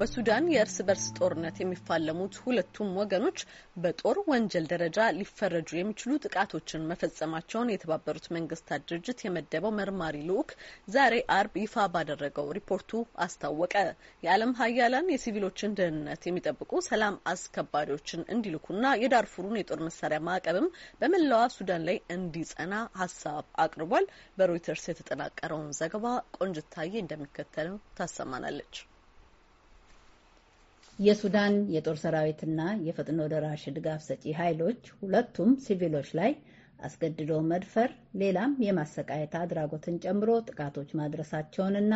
በሱዳን የእርስ በርስ ጦርነት የሚፋለሙት ሁለቱም ወገኖች በጦር ወንጀል ደረጃ ሊፈረጁ የሚችሉ ጥቃቶችን መፈጸማቸውን የተባበሩት መንግስታት ድርጅት የመደበው መርማሪ ልዑክ ዛሬ አርብ ይፋ ባደረገው ሪፖርቱ አስታወቀ። የዓለም ሀያላን የሲቪሎችን ደህንነት የሚጠብቁ ሰላም አስከባሪዎችን እንዲልኩና የዳርፉሩን የጦር መሳሪያ ማዕቀብም በመላዋ ሱዳን ላይ እንዲጸና ሀሳብ አቅርቧል። በሮይተርስ የተጠናቀረውን ዘገባ ቆንጅታዬ እንደሚከተለው ታሰማናለች። የሱዳን የጦር ሰራዊትና የፈጥኖ ደራሽ ድጋፍ ሰጪ ኃይሎች ሁለቱም ሲቪሎች ላይ አስገድዶ መድፈር፣ ሌላም የማሰቃየት አድራጎትን ጨምሮ ጥቃቶች ማድረሳቸውንና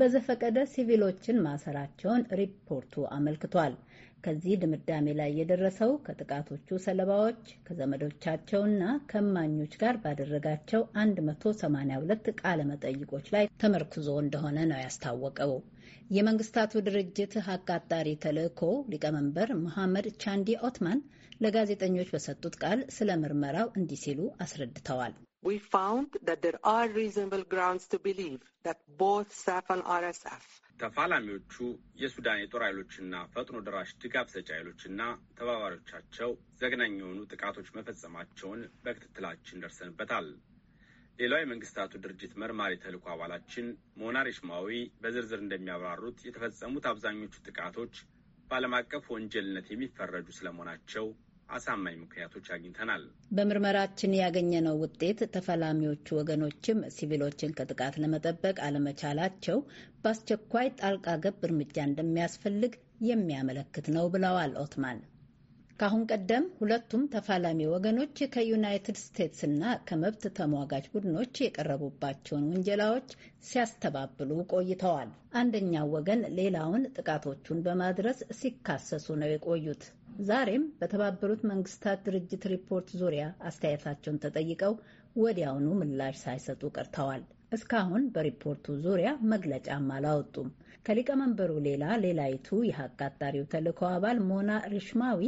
በዘፈቀደ ሲቪሎችን ማሰራቸውን ሪፖርቱ አመልክቷል። ከዚህ ድምዳሜ ላይ የደረሰው ከጥቃቶቹ ሰለባዎች ከዘመዶቻቸውና ከማኞች ጋር ባደረጋቸው 182 ቃለ መጠይቆች ላይ ተመርኩዞ እንደሆነ ነው ያስታወቀው። የመንግስታቱ ድርጅት አቃጣሪ ተልእኮ ሊቀመንበር መሐመድ ቻንዲ ኦትማን ለጋዜጠኞች በሰጡት ቃል ስለ ምርመራው እንዲህ ሲሉ አስረድተዋል። we found that there are reasonable grounds to believe that both SAF and RSF ተፋላሚዎቹ የሱዳን የጦር ኃይሎችና ፈጥኖ ደራሽ ድጋፍ ሰጪ ኃይሎችና ተባባሪዎቻቸው ዘግናኝ የሆኑ ጥቃቶች መፈጸማቸውን በክትትላችን ደርሰንበታል። ሌላው የመንግስታቱ ድርጅት መርማሪ ተልእኮ አባላችን ሞናር ሽማዊ በዝርዝር እንደሚያብራሩት የተፈጸሙት አብዛኞቹ ጥቃቶች በዓለም አቀፍ ወንጀልነት የሚፈረጁ ስለመሆናቸው አሳማኝ ምክንያቶች አግኝተናል። በምርመራችን ያገኘነው ውጤት ተፈላሚዎቹ ወገኖችም ሲቪሎችን ከጥቃት ለመጠበቅ አለመቻላቸው በአስቸኳይ ጣልቃ ገብ እርምጃ እንደሚያስፈልግ የሚያመለክት ነው ብለዋል ኦትማን። ከአሁን ቀደም ሁለቱም ተፋላሚ ወገኖች ከዩናይትድ ስቴትስ እና ከመብት ተሟጋች ቡድኖች የቀረቡባቸውን ውንጀላዎች ሲያስተባብሉ ቆይተዋል። አንደኛው ወገን ሌላውን ጥቃቶቹን በማድረስ ሲካሰሱ ነው የቆዩት። ዛሬም በተባበሩት መንግስታት ድርጅት ሪፖርት ዙሪያ አስተያየታቸውን ተጠይቀው ወዲያውኑ ምላሽ ሳይሰጡ ቀርተዋል። እስካሁን በሪፖርቱ ዙሪያ መግለጫም አላወጡም። ከሊቀመንበሩ ሌላ ሌላይቱ የሀቅ አጣሪው ተልእኮ አባል ሞና ሪሽማዊ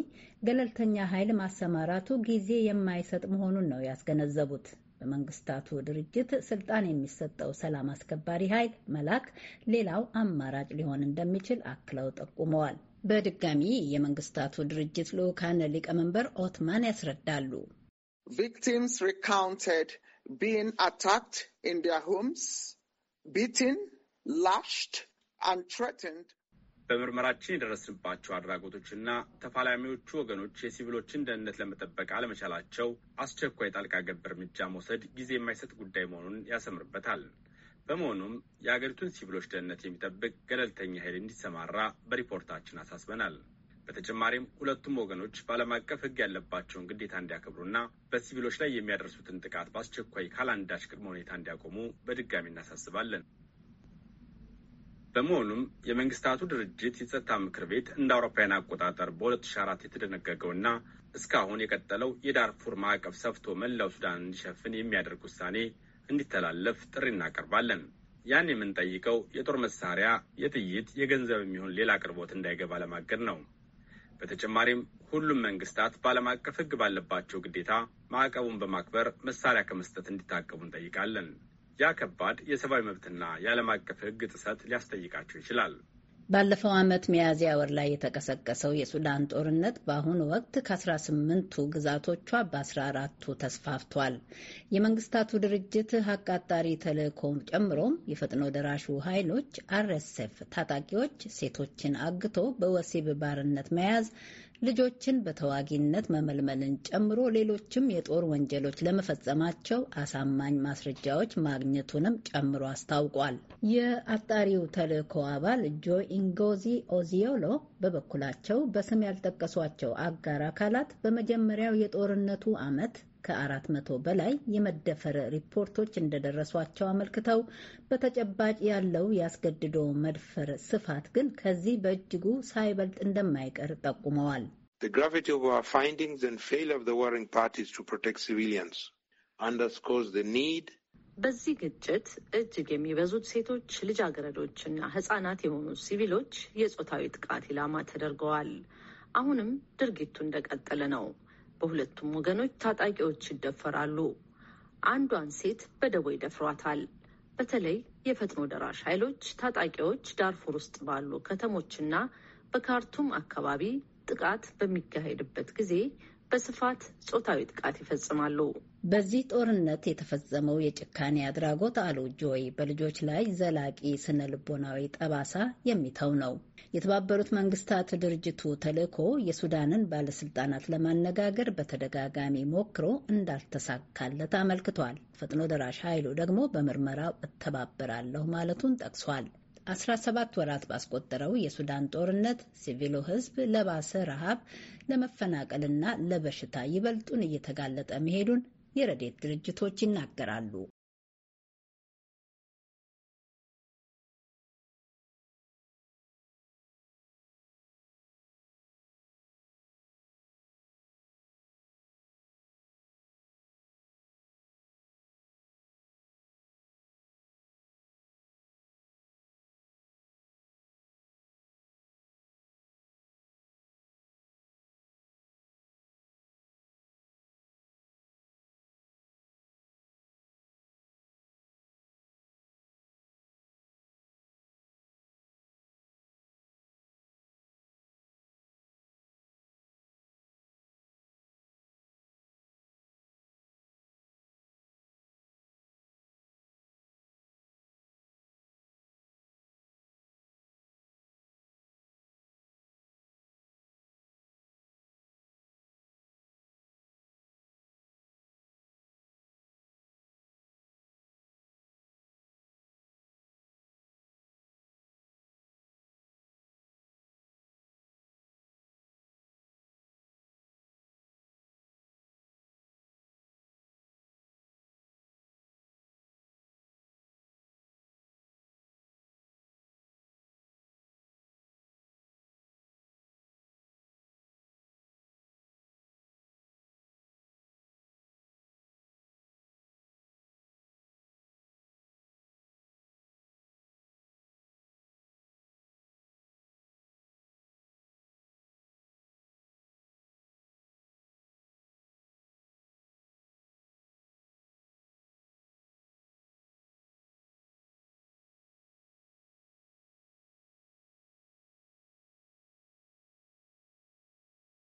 ገለልተኛ ኃይል ማሰማራቱ ጊዜ የማይሰጥ መሆኑን ነው ያስገነዘቡት። በመንግስታቱ ድርጅት ስልጣን የሚሰጠው ሰላም አስከባሪ ኃይል መላክ ሌላው አማራጭ ሊሆን እንደሚችል አክለው ጠቁመዋል። በድጋሚ የመንግስታቱ ድርጅት ልዑካን ሊቀመንበር ኦትማን ያስረዳሉ። ቪክቲምስ ሪካውንትድ ቢንግ አታክድ ኢን ዲር ሆምስ ቢትን ላሽድ አንድ ትሬትንድ በምርመራችን የደረስንባቸው አድራጎቶችና ተፋላሚዎቹ ወገኖች የሲቪሎችን ደህንነት ለመጠበቅ አለመቻላቸው አስቸኳይ ጣልቃ ገብ እርምጃ መውሰድ ጊዜ የማይሰጥ ጉዳይ መሆኑን ያሰምርበታል። በመሆኑም የአገሪቱን ሲቪሎች ደህንነት የሚጠብቅ ገለልተኛ ኃይል እንዲሰማራ በሪፖርታችን አሳስበናል። በተጨማሪም ሁለቱም ወገኖች በዓለም አቀፍ ሕግ ያለባቸውን ግዴታ እንዲያከብሩና በሲቪሎች ላይ የሚያደርሱትን ጥቃት በአስቸኳይ ካላንዳች ቅድመ ሁኔታ እንዲያቆሙ በድጋሚ እናሳስባለን። በመሆኑም የመንግስታቱ ድርጅት የጸጥታ ምክር ቤት እንደ አውሮፓውያን አቆጣጠር በ2004 የተደነገገውና እስካሁን የቀጠለው የዳርፉር ማዕቀብ ሰፍቶ መላው ሱዳን እንዲሸፍን የሚያደርግ ውሳኔ እንዲተላለፍ ጥሪ እናቀርባለን። ያን የምንጠይቀው የጦር መሳሪያ፣ የጥይት፣ የገንዘብ የሚሆን ሌላ አቅርቦት እንዳይገባ ለማገድ ነው። በተጨማሪም ሁሉም መንግስታት በዓለም አቀፍ ሕግ ባለባቸው ግዴታ ማዕቀቡን በማክበር መሳሪያ ከመስጠት እንዲታቀቡ እንጠይቃለን። ያ ከባድ የሰብአዊ መብትና የዓለም አቀፍ ሕግ ጥሰት ሊያስጠይቃቸው ይችላል። ባለፈው ዓመት ሚያዝያ ወር ላይ የተቀሰቀሰው የሱዳን ጦርነት በአሁኑ ወቅት ከ18ቱ ግዛቶቿ በ14ቱ ተስፋፍቷል። የመንግስታቱ ድርጅት ሀቅ አጣሪ ተልእኮም ጨምሮም የፈጥኖ ደራሹ ኃይሎች አርኤስኤፍ ታጣቂዎች ሴቶችን አግቶ በወሲብ ባርነት መያዝ ልጆችን በተዋጊነት መመልመልን ጨምሮ ሌሎችም የጦር ወንጀሎች ለመፈጸማቸው አሳማኝ ማስረጃዎች ማግኘቱንም ጨምሮ አስታውቋል። የአጣሪው ተልእኮ አባል ጆ ኢንጎዚ ኦዚዮሎ በበኩላቸው በስም ያልጠቀሷቸው አጋር አካላት በመጀመሪያው የጦርነቱ ዓመት ከአራት መቶ በላይ የመደፈር ሪፖርቶች እንደደረሷቸው አመልክተው በተጨባጭ ያለው ያስገድዶ መድፈር ስፋት ግን ከዚህ በእጅጉ ሳይበልጥ እንደማይቀር ጠቁመዋል። በዚህ ግጭት እጅግ የሚበዙት ሴቶች፣ ልጃገረዶችና ህጻናት የሆኑ ሲቪሎች የጾታዊ ጥቃት ኢላማ ተደርገዋል። አሁንም ድርጊቱ እንደቀጠለ ነው። በሁለቱም ወገኖች ታጣቂዎች ይደፈራሉ። አንዷን ሴት በደቦ ይደፍሯታል። በተለይ የፈጥኖ ደራሽ ኃይሎች ታጣቂዎች ዳርፉር ውስጥ ባሉ ከተሞችና በካርቱም አካባቢ ጥቃት በሚካሄድበት ጊዜ በስፋት ጾታዊ ጥቃት ይፈጽማሉ። በዚህ ጦርነት የተፈጸመው የጭካኔ አድራጎት አሉ ጆይ በልጆች ላይ ዘላቂ ስነ ልቦናዊ ጠባሳ የሚተው ነው። የተባበሩት መንግስታት ድርጅቱ ተልዕኮ የሱዳንን ባለስልጣናት ለማነጋገር በተደጋጋሚ ሞክሮ እንዳልተሳካለት አመልክቷል። ፈጥኖ ደራሽ ኃይሉ ደግሞ በምርመራው እተባበራለሁ ማለቱን ጠቅሷል። 17 ወራት ባስቆጠረው የሱዳን ጦርነት ሲቪሉ ሕዝብ ለባሰ ረሃብ፣ ለመፈናቀልና ለበሽታ ይበልጡን እየተጋለጠ መሄዱን የረዴት ድርጅቶች ይናገራሉ።